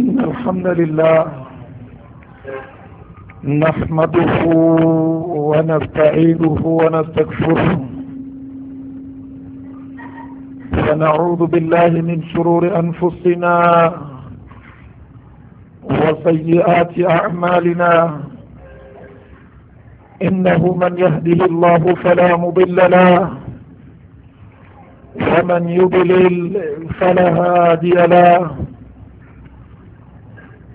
إن الحمد لله نحمده ونستعيده ونستكفره ونعوذ بالله من شرور أنفسنا وسيئات أعمالنا إنه من يهده الله فلا مضل له ومن يضلل فلا هادي له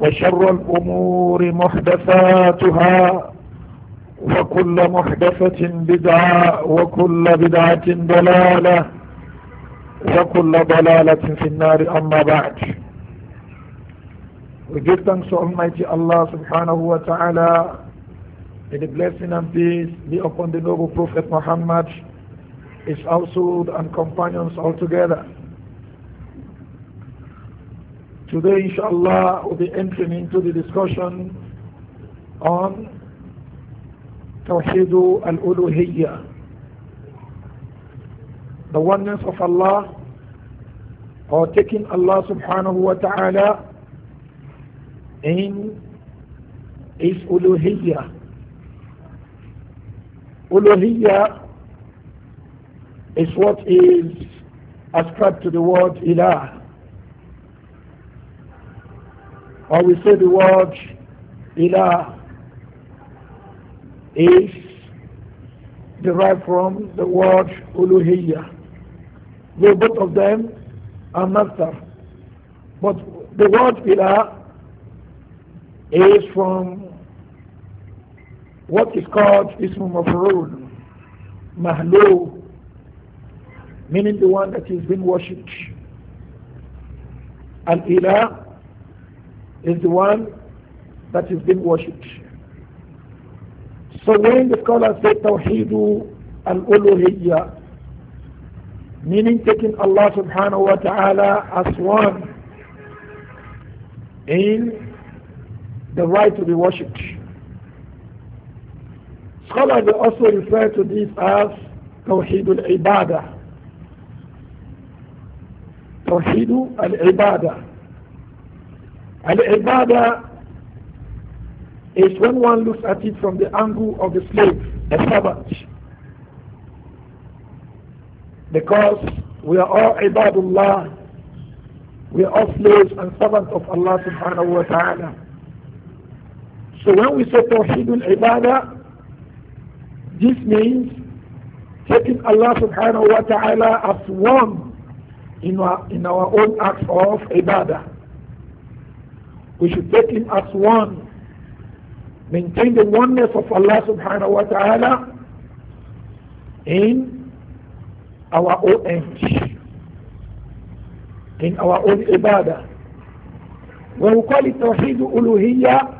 وشر الأمور محدثاتها وكل محدثة بدعة وكل بدعة ضلالة وكل ضلالة في النار أما بعد We give thanks to Almighty Allah subhanahu wa ta'ala May the blessing and peace be upon the noble Prophet Muhammad, his household and companions altogether. Today, inshallah, we'll be entering into the discussion on Tawheed al-Uluhiyya, the oneness of Allah, or taking Allah subhanahu wa ta'ala in His Uluhiyya. Uluhiyya is what is ascribed to the word Ilah or we say the word ilah is derived from the word uluhiyya. Though both of them are master. But the word ilah is from what is called ism mafrul, mahlu, meaning the one that is being worshipped. Al ilah is the one that is being worshipped. So when the scholars say Tawheedu al-Uluhiyya, meaning taking Allah subhanahu wa ta'ala as one in the right to be worshipped. Scholars also refer to this as Tawheed al-Ibadah. Tawheed al-Ibadah. Al-Ibadah is when one looks at it from the angle of the slave, the servant. Because we are all Ibadullah, we are all slaves and servants of Allah subhanahu wa ta'ala. So when we say Tawheedul Ibadah, this means taking Allah subhanahu wa ta'ala as one in our, in our own acts of Ibadah. We should take him as one. Maintain the oneness of Allah subhanahu wa ta'ala in our own end, in our own ibadah. When we call it Tawheed Uluhiyya,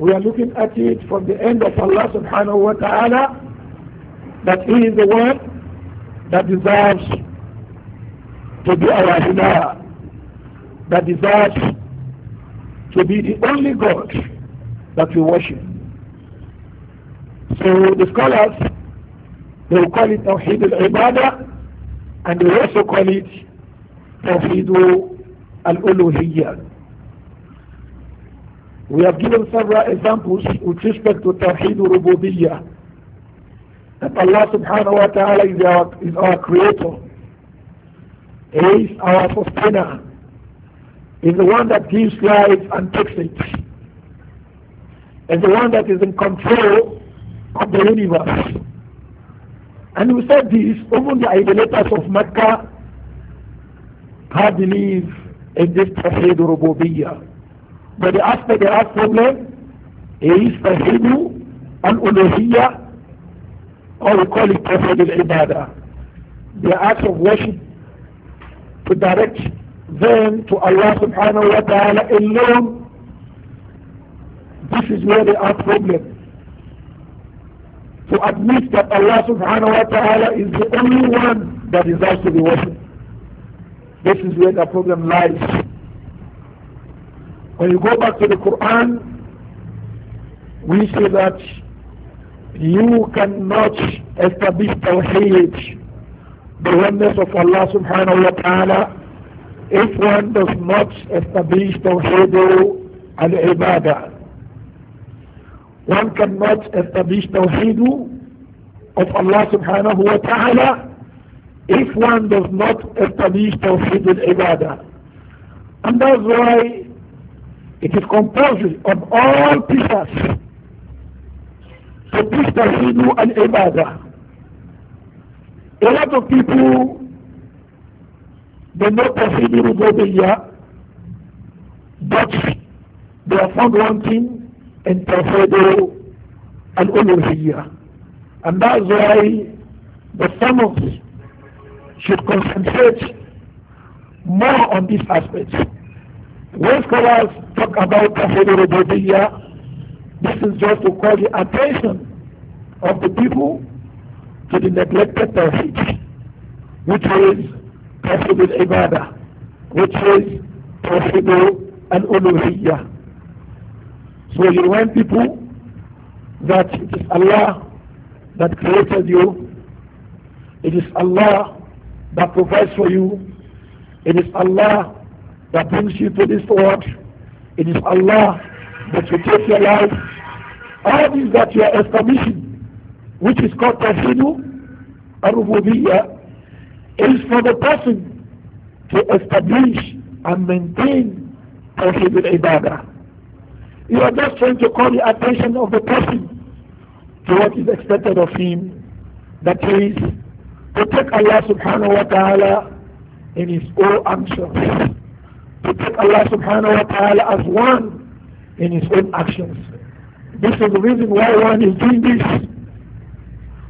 we are looking at it from the end of Allah subhanahu wa ta'ala that He is the one that deserves to be our Ilah, that deserves to be the only God that we worship. So the scholars, they will call it Tawheed al-Ibadah and they also call it Tawheed al-Uluhiyyah. We have given several examples with respect to Tawheed al-Rububiyyah. That Allah subhanahu wa ta'ala is our, is our creator. He is our sustainer is the one that gives life and takes it. Is the one that is in control of the universe. And we said this, even the idolaters of Mecca had believed in this Tawheed Rububiyyah. But the aspect they have problem is Tawheed al-Uluhiyyah or we call it Tawheed al-Ibadah. The acts of worship to direct then to Allah subhanahu wa ta'ala alone, this is where they are problem. To admit that Allah subhanahu wa ta'ala is the only one that deserves to be worshipped. This is where the problem lies. When you go back to the Quran, we say that you cannot establish the oneness of Allah subhanahu wa ta'ala if one does not establish Tawheed al-Ibadah, one cannot establish Tawheed of Allah subhanahu wa ta'ala if one does not establish Tawheed al-Ibadah. And that's why it is composed of all preachers to preach Tawheed al-Ibadah. A lot of people they know Tafsir Rububiyya, but they are found wanting in Tafsir Al-Uluhiyya. And that's why the farmers should concentrate more on this aspect. When scholars talk about Tafsir Rububiyya, this is just to call the attention of the people to the neglected Tawheed, which is Tawheed al-Ibadah, which is Tawheed al So you remind people that it is Allah that created you, it is Allah that provides for you, it is Allah that brings you to this world, it is Allah that you take your life. All these that you are establishing, which is called Tawheed al-Rububiyyah, is for the person to establish and maintain Tawheed al-Ibadah. You are just trying to call the attention of the person to what is expected of him. That is, to take Allah subhanahu wa ta'ala in his own actions. To take Allah subhanahu wa ta'ala as one in his own actions. This is the reason why one is doing this.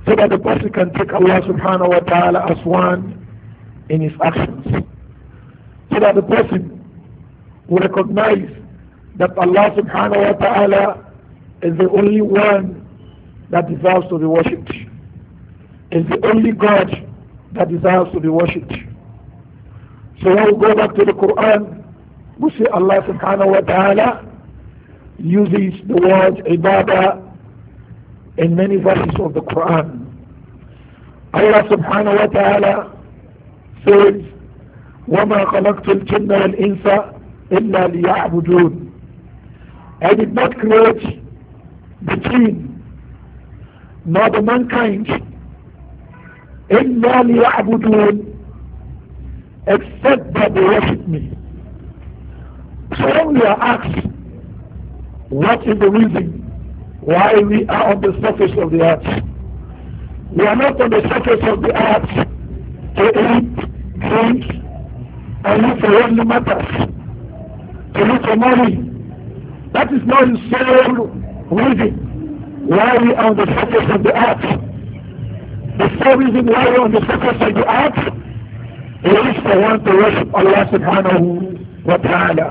So that the person can take Allah subhanahu wa ta'ala as one in his actions. So that the person will recognize that Allah subhanahu wa ta'ala is the only one that deserves to be worshipped. Is the only God that deserves to be worshipped. So when we go back to the Quran, we see Allah subhanahu wa ta'ala uses the word ibadah in many verses of the Quran. Allah subhanahu wa ta'ala says, وَمَا خَلَقْتُ الْجِنَّ وَالْإِنسَ إِلَّا لِيَعْبُدُونَ I did not create the jinn nor the mankind إِلَّا لِيَعْبُدُونَ except that they worship me. So when we are asked, what is the reason why we are on the surface of the earth? We are not on the surface of the earth to eat, front and look for only matters, to look for money. That is not the same reason why we are on the surface of the earth. The sole reason why we are on the surface of the earth is to want to worship Allah subhanahu wa ta'ala.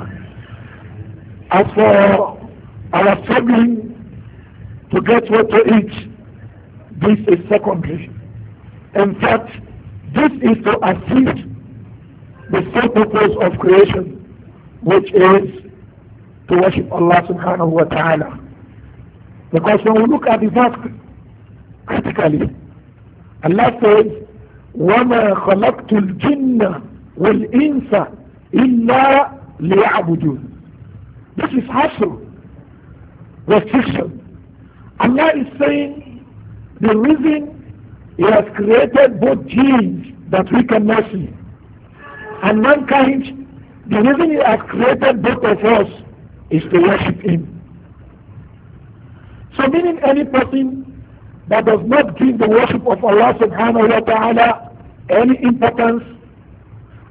As for our struggling to get what to eat, this is secondary. In fact, this is to assist the sole purpose of creation, which is to worship Allah subhanahu wa ta'ala. Because when we look at the verse critically, Allah says, وَمَا خَلَقْتُ الْجِنَّ وَالْإِنسَ إِلَّا لِيَعْبُدُونَ This is also restriction. Allah is saying the reason he has created both genes that we cannot see. And mankind, the reason He has created both of us is to worship Him. So meaning any person that does not give the worship of Allah subhanahu wa ta'ala any importance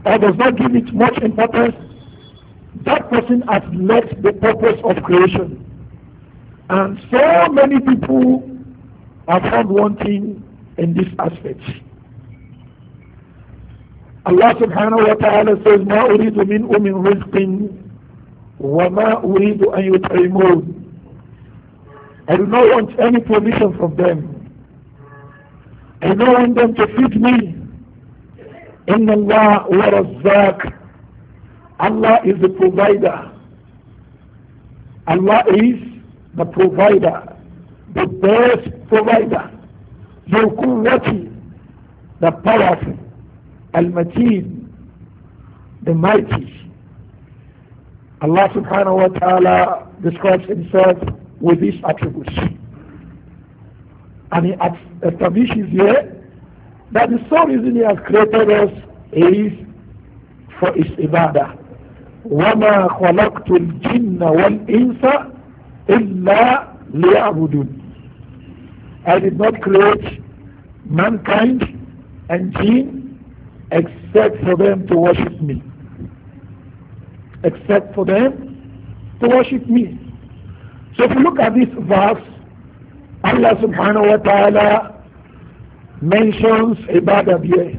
or does not give it much importance, that person has left the purpose of creation. And so many people have found one thing in this aspect. Allah subhanahu wa ta'ala says, مَا أُرِيدُ مِنْ أُمٍ رِزْقٍ وَمَا أُرِيدُ أَنْ يُطْعِمُونَ I do not want any permission from them. I don't want them to feed me. إِنَّ اللَّهَ وَرَزَّاكَ Allah is the provider. Allah is the provider, the best provider. ذو the powerful المتين the mighty Allah subhanahu wa ta'ala describes himself with these attributes and he establishes here that the sole reason he has created us is for his ibadah وما خلقت الجن والإنس إلا ليعبدون I did not create mankind and jinn except for them to worship me. Except for them to worship me. So if you look at this verse, Allah subhanahu wa ta'ala mentions ibadah here.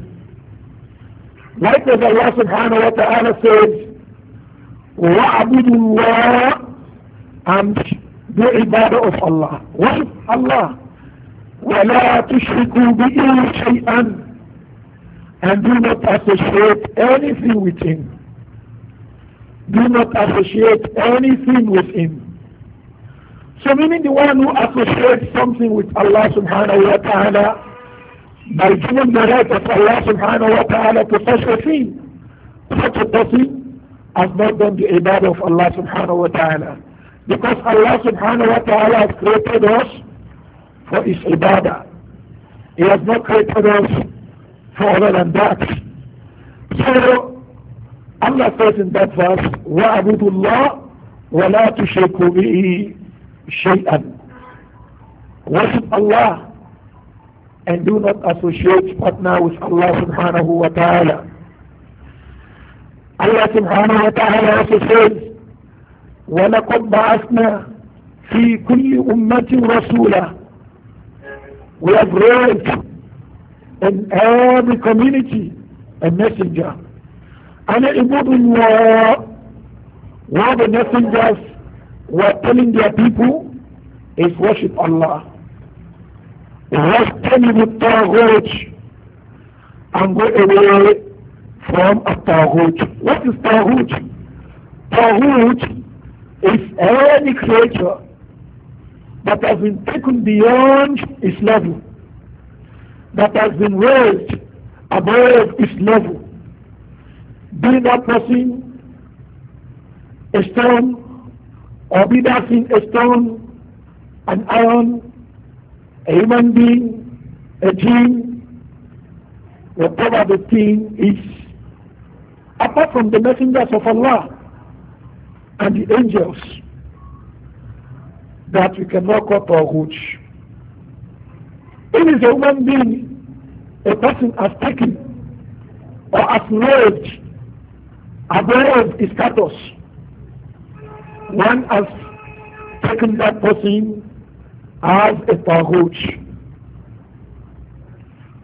Likewise Allah subhanahu wa ta'ala says, وَعْبُدُ اللَّهِ and do ibadah of Allah. Worship Allah. وَلَا تُشْرِكُوا بِهِ شَيْئًا And do not associate anything with him. Do not associate anything with him. So meaning the one who associates something with Allah subhanahu wa ta'ala by giving the right of Allah subhanahu wa ta'ala to such a thing, such a person has not done the ibadah of Allah subhanahu wa ta'ala. Because Allah subhanahu wa ta'ala has created us for his ibadah. He has not created us for other than that. So Allah says in that verse, وَعَبُدُ اللَّهِ وَلَا تُشْرِكُوا بِهِ شَيْئًا Worship Allah and do not associate partner with Allah subhanahu wa ta'ala. Allah subhanahu wa ta'ala also says, وَلَقَدْ بَعَثْنَا فِي كُلِّ أُمَّةٍ رَسُولًا we have raised in every community a messenger. And Ibn war, one of the messengers were telling their people is worship Allah. to الطاغوت and go away from a taghut. What is taghut? Taghut is any creature that has been taken beyond its level, that has been raised above its level. Be that person a stone, or be that thing a stone, an iron, a human being, a gene, whatever the thing is, apart from the messengers of Allah and the angels that we cannot call Tawhut. It is a human being, a person has taken or has knowledge of his status. One has taken that person as a Tawhut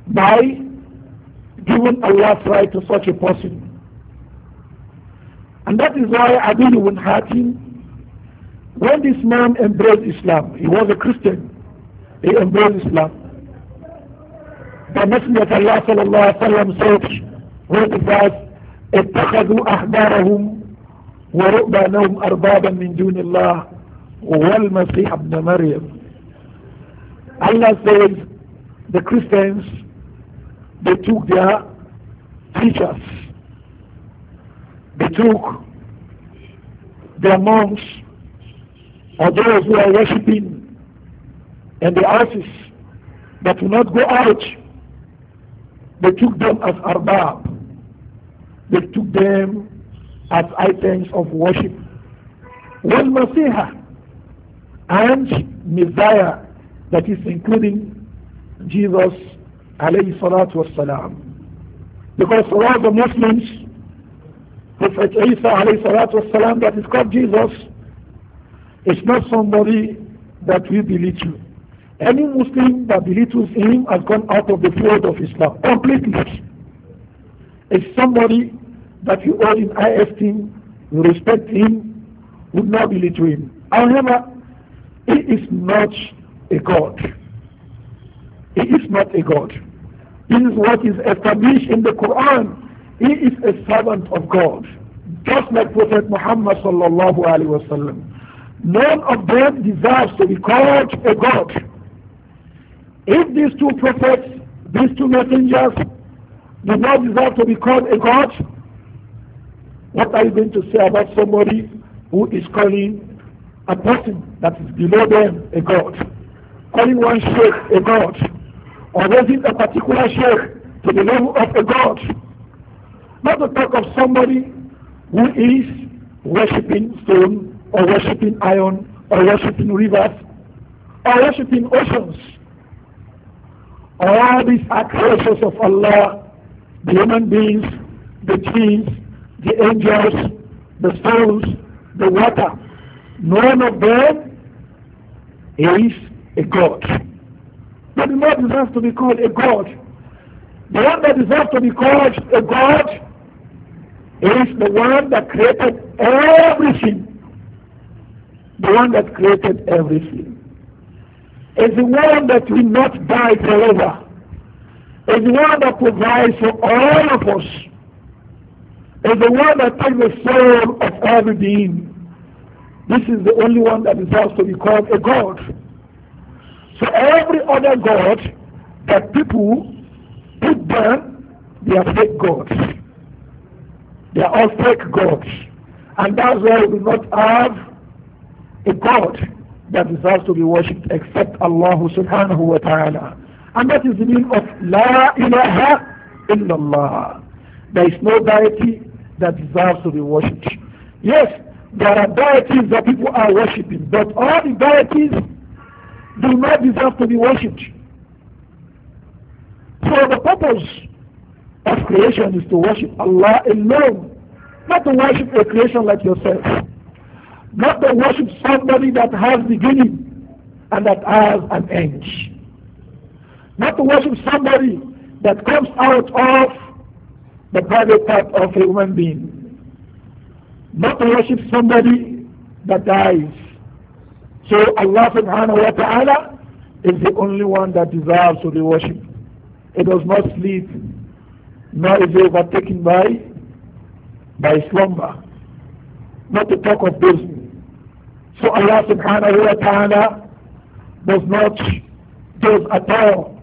by giving Allah's right to such a person. And that is why Adil ibn Hatim when this man embraced Islam, he was a Christian, he embraced Islam. The Messenger of Allah sallallahu alayhi wa said, when it was, اتخذوا أحبارهم ورؤبانهم أربابا من دون الله والمسيح ابن مريم Allah says the Christians they took their teachers they took their monks or those who are worshipping in the houses that will not go out, they took them as arbab. They took them as items of worship. When Masiha and Messiah, that is including Jesus alayhi salatu wasalam. Because for all the Muslims, Prophet Isa alayhi salatu wasalam, that is called Jesus, it's not somebody that will belittle. Any Muslim that belittles him has gone out of the fold of Islam completely. It's somebody that you all in high esteem, you respect him, would not belittle him. However, he is not a god. He is not a god. This is what is established in the Quran. He is a servant of God, just like Prophet Muhammad sallallahu alaihi wasallam. None of them deserves to be called a god. If these two prophets, these two messengers, do not deserve to be called a god, what are you going to say about somebody who is calling a person that is below them a god? Calling one sheikh a god, or raising a particular sheikh to the level of a god. Not to talk of somebody who is worshipping stone or worshipping iron or worshipping rivers or worshipping oceans. All these are creations of Allah, the human beings, the trees, the angels, the stones, the water. None of them is a God. But the Lord deserves to be called a God. The one that deserves to be called a God is the one that created everything the one that created everything, is the one that will not die forever, is the one that provides for all of us, is the one that takes the soul of every being. This is the only one that deserves to be called a God. So every other God that people put down, they are fake gods. They are all fake gods. And that's why we do not have a god that deserves to be worshipped except Allah subhanahu wa ta'ala. And that is the meaning of La ilaha illallah. There is no deity that deserves to be worshipped. Yes, there are deities that people are worshipping, but all the deities do not deserve to be worshipped. So the purpose of creation is to worship Allah alone, not to worship a creation like yourself. Not to worship somebody that has beginning and that has an end. Not to worship somebody that comes out of the private part of a human being. Not to worship somebody that dies. So Allah subhanahu wa ta'ala is the only one that deserves to be worshipped. It does not sleep, nor is it overtaken by, by slumber. Not to talk of those so Allah subhanahu wa ta'ala does not give at all.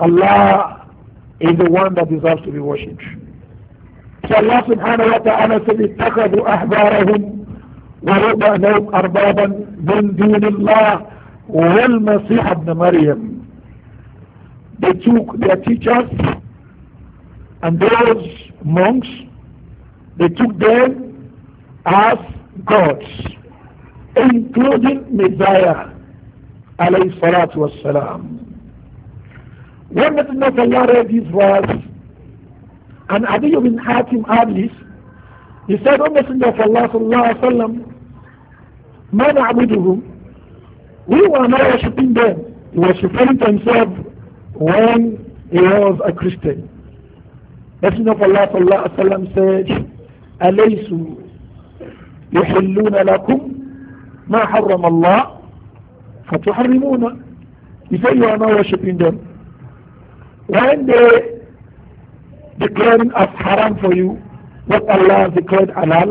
Allah is the one that deserves to be worshipped. So Allah subhanahu wa ta'ala said, اتخذوا أحبارهم وربانهم أربابا من دون الله والمسيح ابن مريم. They took their teachers and those monks, they took them as gods including Messiah alayhi salatu wassalam. When the of Allah read this verse, and Adiyu bin Hatim Adlis, he said, O Messenger of Allah sallallahu alayhi wa sallam, ما نعبدهم We were not worshipping them. He was referring to himself when he was a Christian. Messenger of Allah sallallahu alayhi wa sallam said, أليسوا يحلون لكم ما حرم الله فتحرمون you say you are not worshipping them declaring as haram for you what Allah has declared halal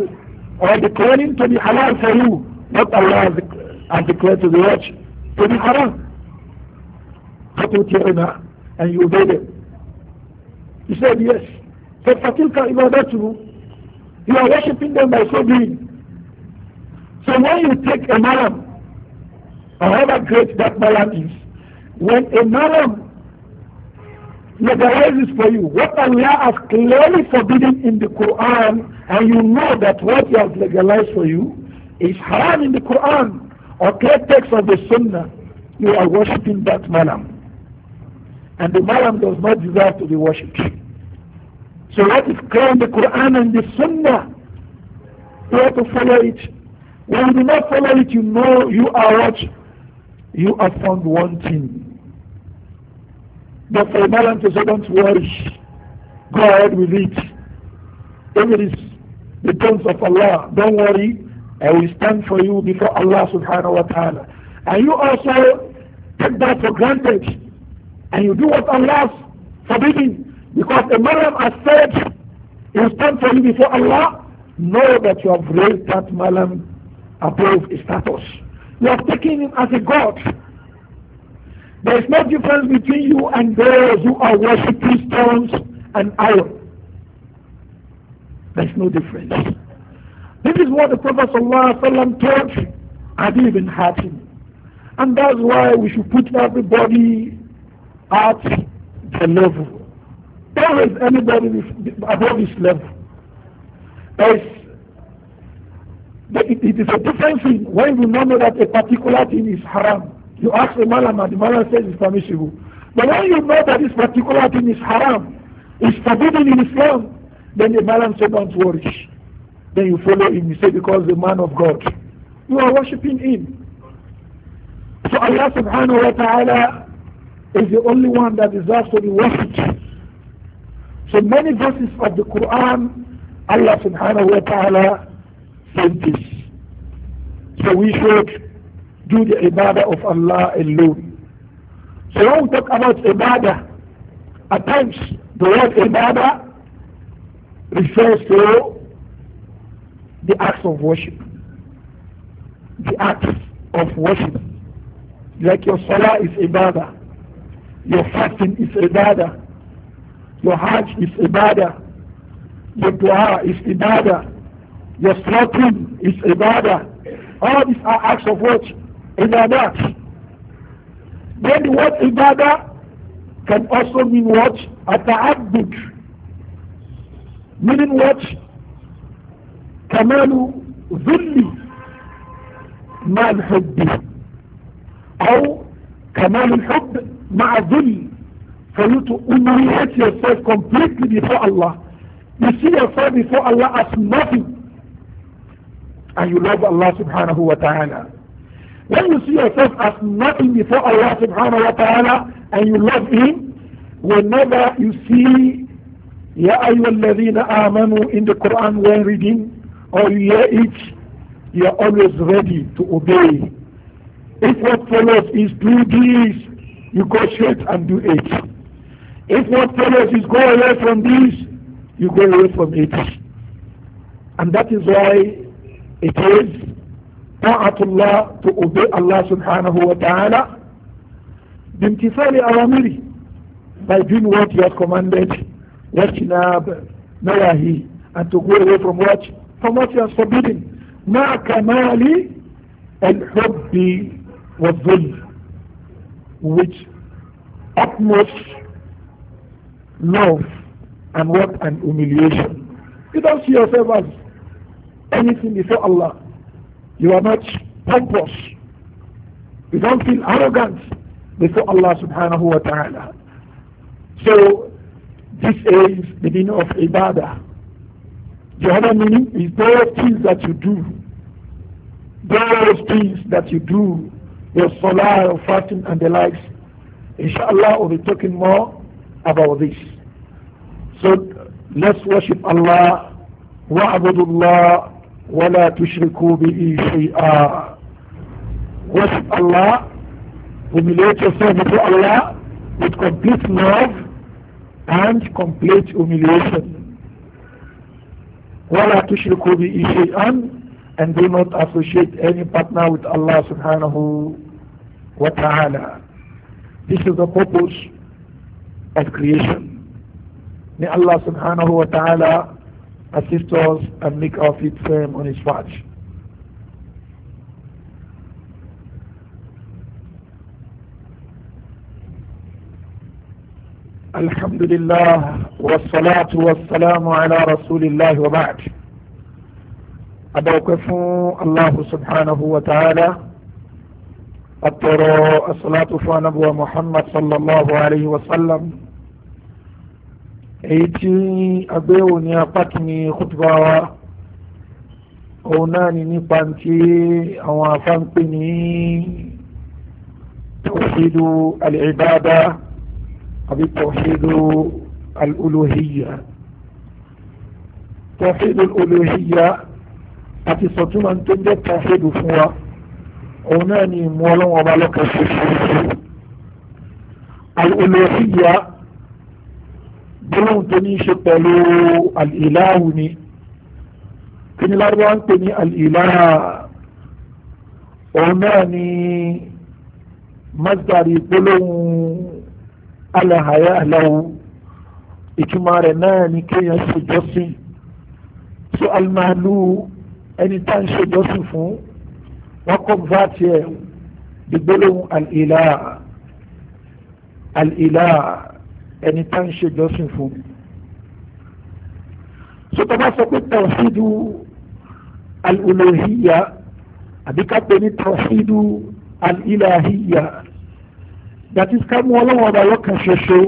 or declaring to be halal for you what Allah has declared to be what to be haram فتطيعنا and you obey them he said yes فَتِلْكَ عِبَادَتُهُ you are worshipping them by so doing so when you take a malam, however great that malam is, when a malam legalizes for you what Allah has clearly forbidden in the Quran, and you know that what He has legalized for you is haram in the Quran or clear text of the Sunnah, you are worshipping that malam. And the malam does not deserve to be worshipped. So what is clear in the Quran and the Sunnah, you have to follow it when you do not follow it, you know you are what? You are found wanting. But for Malam says, don't worry. Go ahead with it. If it is the terms of Allah, don't worry. I will stand for you before Allah subhanahu wa ta'ala. And you also take that for granted. And you do what Allah's forbidding. Because a Malam has said, he will stand for you before Allah. Know that you have raised that Malam above his status. You have taken him as a god. There is no difference between you and those who are worshipping stones and iron. There is no difference. This is what the Prophet ﷺ taught even ibn him, And that's why we should put everybody at the level. There is anybody above this level. There is it is a different thing when you know that a particular thing is haram. You ask a malam and the malam says it's permissible. But when you know that this particular thing is haram, it's forbidden in Islam, then the malam says don't worry. Then you follow him, you say because the man of God. You are worshipping him. So Allah subhanahu wa ta'ala is the only one that deserves to be worshipped. So many verses of the Quran, Allah subhanahu wa ta'ala sent this. So we should do the ibadah of Allah alone. So when we talk about ibadah, at times the word ibadah refers to the acts of worship. The acts of worship. Like your salah is ibadah. Your fasting is ibadah. Your hajj is ibadah. Your dua is ibadah. Your slaughtering is ibadah. All these are acts of what? Ibadat. Then the word Ibadah can also mean what? Ata'abdik. Meaning what? Kamalu ذل مع الحب or Kamalu الحب مع ذل for you to humiliate yourself completely before Allah. You see yourself before Allah as nothing and you love Allah subhanahu wa ta'ala. When you see yourself as nothing before Allah subhanahu wa ta'ala and you love Him, whenever you see Ya ayyuhalladhina amanu in the Quran when reading or you hear it, you are always ready to obey. If what follows is do this, you go straight and do it. If what follows is go away from this, you go away from it. And that is why it is ta'atullah to obey Allah subhanahu wa ta'ala bimtithali awamiri by doing what he has commanded wajtinab nawahi and to go away from what from what he has forbidden مع كمال الحب والذل which utmost love and what an humiliation you don't see yourself as anything before Allah. You are not pompous. You don't feel arrogant before Allah subhanahu wa ta'ala. So this is the meaning of ibadah. The other meaning is those things that you do. Those things that you do, your salah, your fasting and the likes. Inshallah we'll be talking more about this. So let's worship Allah. وَعْبُدُ اللَّهِ ولا تشركوا به شيئا worship Allah humiliate yourself before Allah with complete love and complete humiliation ولا تشركوا به شيئا and do not associate any partner with Allah subhanahu wa ta'ala this is the purpose of creation may Allah subhanahu wa ta'ala assist us and make our feet firm on his path. الحمد لله والصلاة والسلام على رسول الله وبعد أدوكف الله سبحانه وتعالى أترى الصلاة فنبوى محمد صلى الله عليه وسلم èyí tí agbéyẹ̀wò ní apá kìíní kútùbà wa òun náà ni nípa tí àwọn afánpé ní tawhidu al-ibada àbí tawhidu al-uluhiyya tawhidu al-uluhiyya àti sọ̀túnmọ̀ tó jẹ́ tawhidu fún wa òun náà ni ìmú ọlọ́wọ́ ọba lọ́kàn ṣoṣo al-uluhiyya gbólóhùn tó ní í ṣe pẹ̀lú alìláhù ni kí ni lárúbá ń pè ní alìláhà òun náà ni masdari gbólóhùn alahaya aláwù ìtumọ̀ rẹ̀ náà ni kéèyàn ṣèjọ́sìn so alimalu ẹni tá ń ṣèjọ́sìn fún wọ́n kọ́ vaati gbólóhùn alìláhà alìláhà ẹni tá ń ṣe jọ́sìn fún sọtọ́ bá sọ pé tawhidu al-uluhiyya àbí ká pè ní tawhidu al-ilahiyya dàtí ká mú ọlọ́wọ́n ọba lọ́kàn ṣoṣo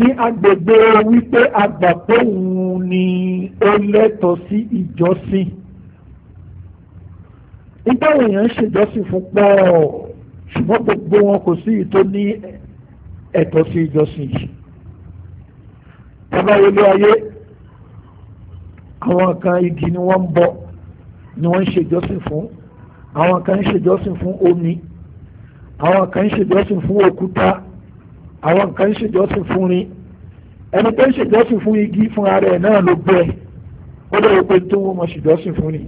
ní agbègbè wípé àgbà pé òun ni ó lẹ́tọ̀ọ́ sí ìjọsìn nígbà èèyàn ń ṣèjọsìn fún pọ̀ ṣùgbọ́n gbogbo wọn kò sí ìtò ní ẹ̀tọ́ sí ìjọsìn yìí tábà wọlé ayé àwọn kan igi ni wọ́n ń bọ ni wọ́n ń ṣèjọ́sìn fún àwọn kan ń ṣèjọ́sìn fún omi àwọn kan ń ṣèjọ́sìn fún òkúta àwọn kan ń ṣèjọ́sìn fún rin ẹni tó ń ṣèjọ́sìn fún igi fún ara ẹ̀ náà ló gbẹ ó lè rò pé tó wọ́n mọ̀ ṣèjọ́sìn fún ni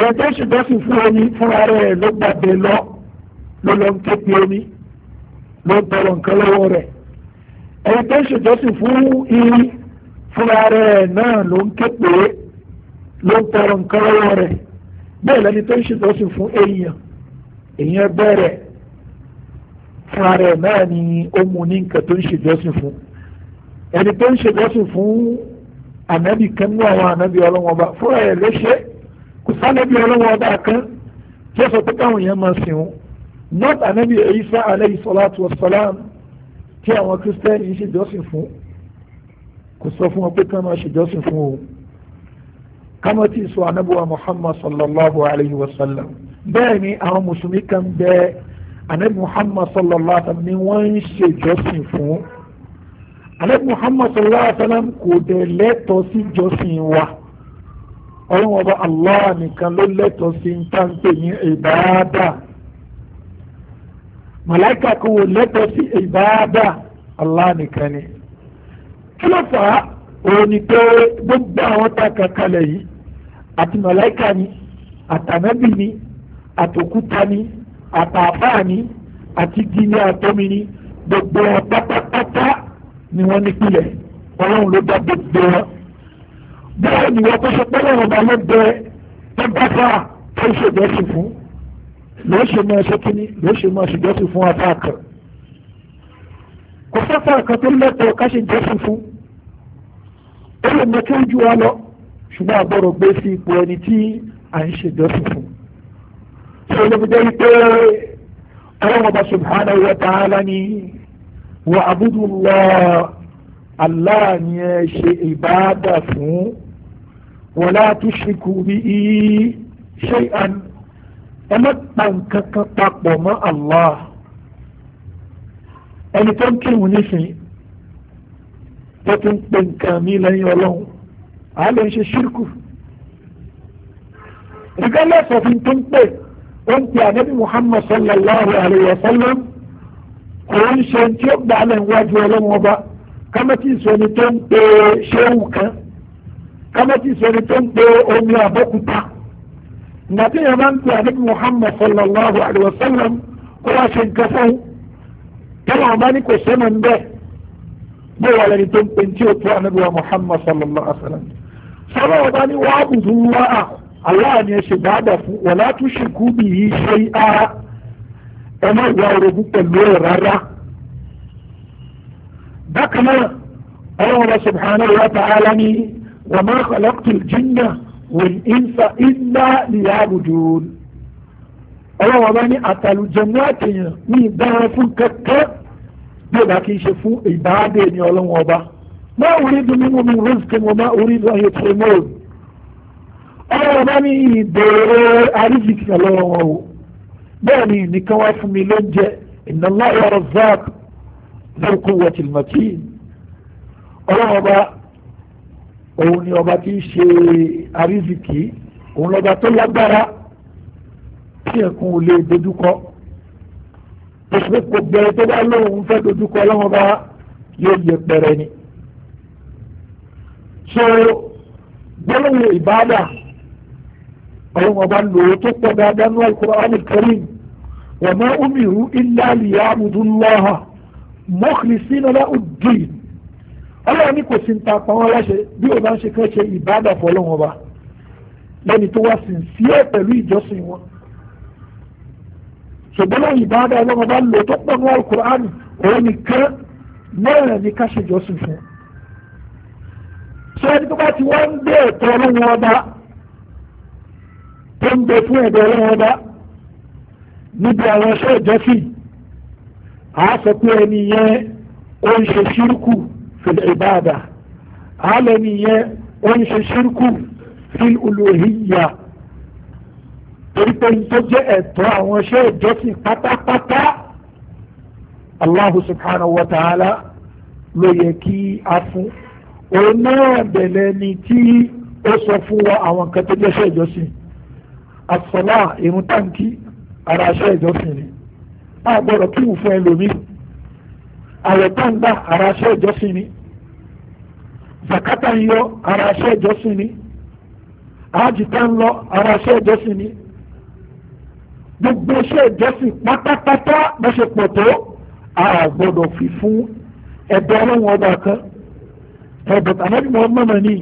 ẹni tó ń ṣèjọ́sìn fún omi fún ara ẹ̀ ló gbàgbé lọ ló lọ ń ké pe omi ló ń tọrọ nǹkan lọ́wọ́ rẹ̀ ẹni tó ń ṣèjọsìn fún irin fúnra rẹ̀ náà ló ń ké pé ló ń tọrọ nǹkan lọ́wọ́ rẹ̀ bẹ́ẹ̀ lẹni tó ń ṣèjọsìn fún èèyàn èèyàn bẹ̀rẹ̀ fúnra rẹ̀ náà ni ó mu ní nǹkan tó ń ṣèjọsìn fún ẹni tó ń ṣèjọsìn fún ànábì kan ní àwọn ànábì ọlọ́wọ́n bá fúnra rẹ̀ léṣe kò sánẹ́bí ọlọ́wọ́n bá kan tí ó sọ pé káwọn èèyàn máa sìn wọn not ànábì Isa alayhi salatu wa salam tí àwọn kristẹni ṣèjọsìn fún kò sọ fún wọn pé kán máa ṣèjọsìn fún o kámọ́ tí sọ anábùwà muhammad sallallahu alayhi wa sallam bẹ́ẹ̀ ni àwọn mùsùlùmí kan bẹ anábì muhammad sallallahu alayhi wa sallam ni wọ́n ń ṣèjọsìn fún anábì muhammad sallallahu alayhi wa sallam kò dẹ̀ lẹ́tọ̀ọ́ sí jọsìn wa ọlọ́wọ́n bá allah nìkan ló lẹ́tọ̀ọ́ sí ń tàǹpẹ̀ ní ìbáadà màláìka kò wò lẹ́tọ̀ sí ìbáadà Allah nìkan ni kí ló fà á òun ni pé gbogbo àwọn tá a kà kalẹ̀ yìí àti màláìka ni àtànábì ni àtòkúta ni àtàfáà ni àti gíní àtọ́mi ni gbogbo wọn pátápátá ni wọ́n nípìnlẹ̀ ọlọ́run ló dá gbogbo wọn bẹ́ẹ̀ ni wọ́n tó ṣe pé lọ́wọ́ bá ló bẹ ẹgbẹ́ fà á tó ṣèjọ́sìn fún ló ṣe máa ṣe kíní ló ṣe máa ṣe jọ́sìn fún apá kan kò sáfà kan tó lẹ́tọ̀ọ́ ká ṣe jọ́sìn fún ó lè mọ kí ó ju wa lọ ṣùgbọ́n àgbọ̀rọ̀ gbé sí ipò ẹni tí à ń ṣe jọ́sìn fún ṣé ló jẹ́ wípé ọlọ́run ọba subhanahu wa ta'ala ni wa abudu Allah Allah ẹ ṣe ìbáàdà fún wala tushriku bihi shay'an ẹ má pa nǹkan kan papọ̀ mọ́ Allah ẹni tó ń kírun nísìnyí tó ti ń pe nǹkan mi lẹ́yìn ọlọ́run àá lè ṣe ṣírkù regardless of n tó ń pè ó ń pe ànábì Muhammad sallallahu alayhi wa sallam kò ń ṣe tí ó gbà lẹ́yìn wájú ọlọ́run ọba kámẹ́tì ìsọ̀ni tó ń pe ṣéwù kan kámẹ́tì ìsọ̀ni tó ń pe omi àbọ́kúta nàbí yẹn máa ń pè àdébí Muhammad sallallahu alayhi wa sallam kó wá ṣe nǹkan fún tẹ́lẹ̀ wọn bá ní kò sẹ́nu ń bẹ́ẹ̀ bó wà lẹ́ni tó ń pè tí ó tó ànábì wa Muhammad sallallahu alayhi wa sallam sábà wọn bá ní wàá bùtù wá à aláà ni ẹ ṣe dáadáa fún wọn látú ṣìkú bí yìí ṣe ara ẹ má wá orogún pẹ̀lú ẹ̀ rárá bákan náà ọlọ́run subhanahu wa ta'ala ni wa ma khalaqtul wal insa illa liyabudun ọlọ́wọ́ bá ní àtàlùjẹ̀mú àtẹ̀yàn ní ìdára fún kẹ́kẹ́ bí ìbá kí n ṣe fún ìbáadé ní ọlọ́wọ́ ọba máa orí dùn nínú mi rizqin wa máa orí dùn ayé tẹ̀ mọ́ ọlọ́wọ́ bá ní ìbéèrè àríjìkì ọlọ́wọ́ o bẹ́ẹ̀ ni nìkan wá fún mi lóúnjẹ inna Allaha razzaq dhul quwwatil ọlọ́wọ́ bá òun ni ọba tí ń ṣe àrízìkì òun lọ́ba tó lágbára tí ẹ̀kún ò lè dojúkọ òṣèré kò bẹ̀rẹ̀ tó bá lóun fẹ́ dojúkọ lọ́wọ́n bá yóò yẹ pẹ̀rẹ̀ ni. so gbólóhùn ìbáàdà ọlọ́wọ́n bá lò ó tó pọ̀ dáadáa ní al-Qur'an al-Karim wa ma umiru illa liya'budu Allaha mukhlisina lahu ad-din ọlọ́run ní kò sí ń ta pa wọn láṣẹ bí o bá ń ṣe kẹ́ ṣe ìbádà fọlọ́wọn ọba lẹ́ni tó wá sí sí ẹ̀ pẹ̀lú ìjọsìn wọn ṣùgbọ́n lọ́wọ́ ìbádà ọlọ́run bá lò tó pọ̀ ní alukur'an òun nìkan náà ní ká ṣe ìjọsìn fún un ṣé tó bá ti wá ń gbé ẹ̀tọ́ ọlọ́run ọba tó ń bẹ fún ẹ̀dọ̀ ọlọ́run ọba níbi àwọn iṣẹ́ ìjọsìn àá fìdí ìbáàdà àálẹ̀ nìyẹn ó ń ṣe ṣírkù fil uluhiyya torí pé n tó jẹ́ ẹ̀tọ́ àwọn iṣẹ́ ìjọsìn pátápátá Allahu subhanahu wa ta'ala ló yẹ kí a fún òun náà bẹ̀lẹ̀ ni tí ó sọ fún wa àwọn nǹkan tó jẹ́ iṣẹ́ ìjọsìn as irun táǹkì ara iṣẹ́ ìjọsìn ni a gbọ́dọ̀ kí n fún ẹlòmíì àwẹ̀ tá ń gbà ara aṣẹ́ ìjọsìn ni zakata ń yọ ara aṣẹ́ ìjọsìn ni ájì tá ń lọ ara aṣẹ́ ìjọsìn ni gbogbo iṣẹ́ ìjọsìn pátápátá bó ṣe pọ̀ tó a gbọ́dọ̀ fi fún ẹ̀bẹ̀ ọlọ́run ọba kan ẹ̀bẹ̀ tàbí Muhammad ní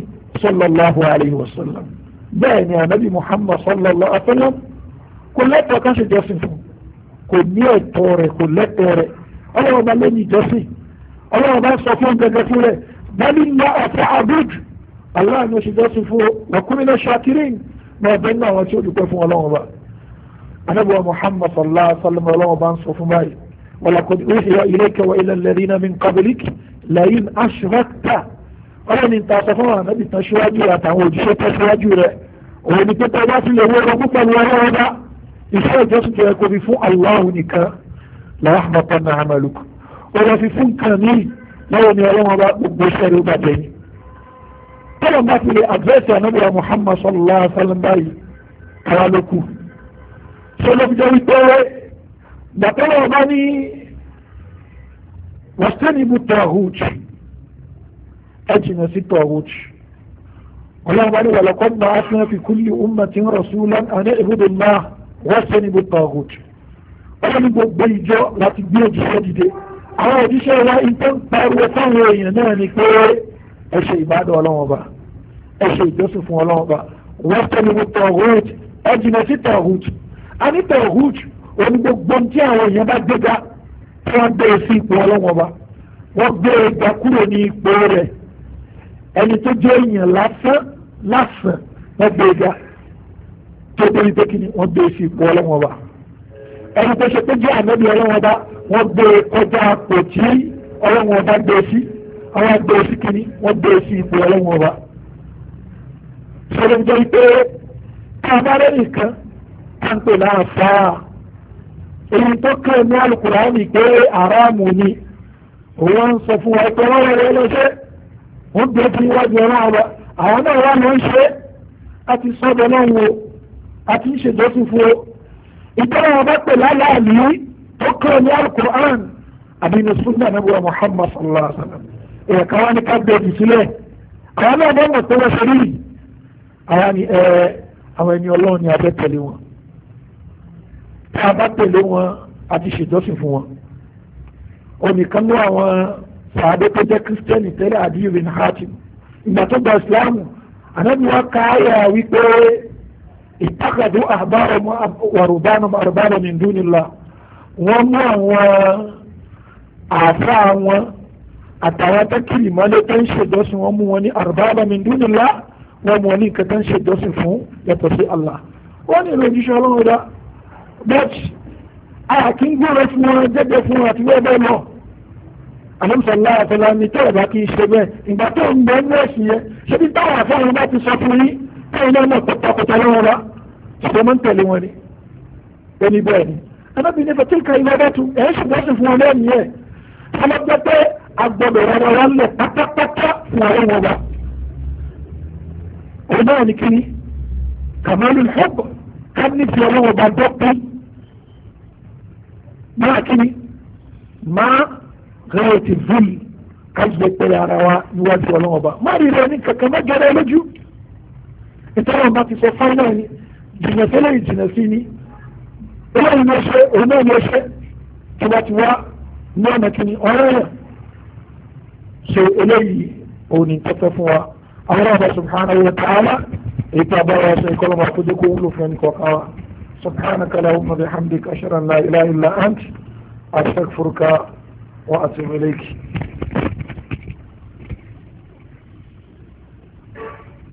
sallallahu alayhi wa sallam bẹ́ẹ̀ ni ànábì Muhammad sallallahu alayhi wa sallam kò lẹ́tọ̀ọ́ kan ṣe jọ́sìn fún kò ní ẹ̀tọ́ rẹ̀ kò lẹ́tọ̀ọ́ rẹ̀ ọlọ́wọ́ bá lé ní ìjọsìn ọlọ́wọ́ bá sọ fún gẹ́gẹ́ fún rẹ̀ bẹ́ẹ̀ni ma ọ̀fẹ́ abud aláàánú ṣe jọ́sìn fún ọkùnrin náà ṣakirin náà bẹ́ẹ̀ náà wọn tí ó dúpẹ́ fún ọlọ́wọ́ bá anábọ̀ muhammad sallallahu alaihi wa sallam ọlọ́wọ́ bá ń sọ fún báyìí ولقد أوحي إليك وإلى الذين من قبلك لئن أشركت ọlọ́run ní ta sọ fún àwọn àmẹ́bí tán ṣíwájú rẹ̀ àtàwọn òjíṣẹ́ tó ṣíwájú rẹ̀ òun ni pé tó bá ti lè wọ́n ọgbọ́n pẹ̀lú ọlọ́run bá iṣẹ́ ìjọsìn tó yẹ kó fi fún aláhùn nìkan láàbàtà náà àmàlùkù ó lọ fi fún kan ní lọ́wọ́ ni ọlọ́wọ́ bá gbogbo sẹ́rẹ̀ ó bàjẹ́ ni tọ́lọ̀ bá fi lè àdírẹ́sì ànábìyà Muhammad sallallahu alaihi wa sallam báyìí kára ló kù ṣé ló fi jẹ́ wípé gbàtọ́lọ̀ bá ní wàsẹ́ni bu tọ́hùt ẹ jìnà sí tọ́hùt ọlọ́wọ́ bá ní wàlọ́kọ́ náà fi kúlì ummatin rasulan àná ìbúdó náà wàsẹ́ni bu tọ́hùt wọ́n ní gbogbo ìjọ láti gbé òjíṣẹ́ dìde àwọn òjíṣẹ́ wa ìtọ́ ń pariwo fáwọn èèyàn náà ni pé ẹ ṣe ìbádọ́ ọlọ́run ọba ẹ ṣe ìjọsìn fún ọlọ́run ọba wọ́n tẹ́lẹ̀ wọ́n tọ̀húùt ẹ jìnà sí tọ̀húùt a ní tọ̀húùt òní gbogbo tí àwọn èèyàn bá gbéga tí wọ́n gbé sí ipò ọlọ́run ọba wọ́n gbé ẹgbà kúrò ní ipò rẹ̀ ẹni tó jẹ́ èèyàn lásán lásán wọ́n gbé ẹgbà tó dé ní pé wọ́n gbé sí ipò ọlọ́run ọba ẹni tó ṣe pé jẹ́ ànábì ọlọ́wọ́n bá wọ́n gbé e kọjá pò tí ọlọ́wọ́n bá gbé e sí àwọn gbé sí kínní wọ́n gbé e sí ipò ọlọ́wọ́n bá. sọlọ́n jẹ́ pé kábàárẹ̀ nìkan ká ń pè láàfà èyí tó kàn ní Al-Kùránì pé àràmù ni òun ń sọ fún wa pé wọ́n wọlé lọ́sẹ̀ wọ́n gbé fún iwájú ọlọ́wọ́n bá àwọn náà wà ló ń ṣe láti sọ́dọ̀ náà wo àti ń ṣèjọ́sìn fún o. ìtọ́lá wọn bá pè láláàlì tó kọ́ ní alukur'an àbí sunna nabi wa muhammad sallallahu alaihi wa sallam ní kábíyèsí sílẹ̀ àwọn náà mọ̀ rí àwọn ni ẹ àwọn ẹni ọlọ́run ni abẹ́ tẹ̀lé wọn tá a bá tẹ̀lé wọn ṣèjọ́sìn اتخذوا أحبارهم وربانهم أربابا من دون الله wọ́n mú àwọn àáfàá wọn àtàwọn tẹ́kìlì mọ́lẹ̀ tó ń ṣèjọ́sìn wọ́n mú wọn ní arbaba min dunillah wọ́n mú wọn ní nǹkan tó ń ṣèjọ́sìn fún yàtọ̀ sí Allah wọ́n ní ìròyìn iṣẹ́ ọlọ́run dá but a kì í gbọ́rọ̀ fún wọn jẹ́jẹ́ fún wọn àti bẹ́ẹ̀ bẹ́ẹ̀ lọ àlọ́mùsọ̀lá àtọ́lá ni tẹ́lẹ̀ bá kì í ṣe bẹ́ẹ̀ ìgbà tó ń bẹ́ẹ̀ mú ẹ̀sìn yẹn ṣé bí táwọn àfọwọ́n bá ti sọ fún yín bẹ́ẹ̀ náà náà pátápátá lọ́wọ́ wa ṣùgbọ́n máa ń tẹ̀lé wọn ni ẹni bẹ́ẹ̀ ni anábìnrin fatilka ìwádàtú ẹ̀ ṣùgbọ́n sì fún wọn lẹ́yìn ẹ̀ alágbẹ́tẹ́ agbọ́dọ̀ rárá wa lẹ̀ pátápátá fún ọ̀rẹ́ wọn wa òun náà ni kíni kàmáàlú hẹ́pù kánífì ọlọ́wọ́ bá dọ́pẹ́ máa kíni máa rẹ̀ ti vùlì ká yẹ pẹ̀lẹ́ ara wa níwájú ọlọ́wọ́ bá má rí rẹ̀ ní kankan má gẹ́rẹ́ lójú ìtọ́lọ̀ bá ti sọ fáínà ni jìnà tẹ́lẹ̀ ìjìnà sí ni eléyìí ló ṣe òun náà ló ṣe tí wọ́n ti wá ní ọ̀nà kìíní ọ̀rẹ́ yẹn ṣe eléyìí òun ní tọ́tọ́ fún wa àwọn ọba subhanahu wa ta'ala ètò àbára ṣe ìkọlọ́mọ àkójọ kó wúlò fún ẹnì kọ̀ọ̀kan wa subhanaka allahumma bihamdika ashhadu an la ilaha illa ant astaghfiruka wa atubu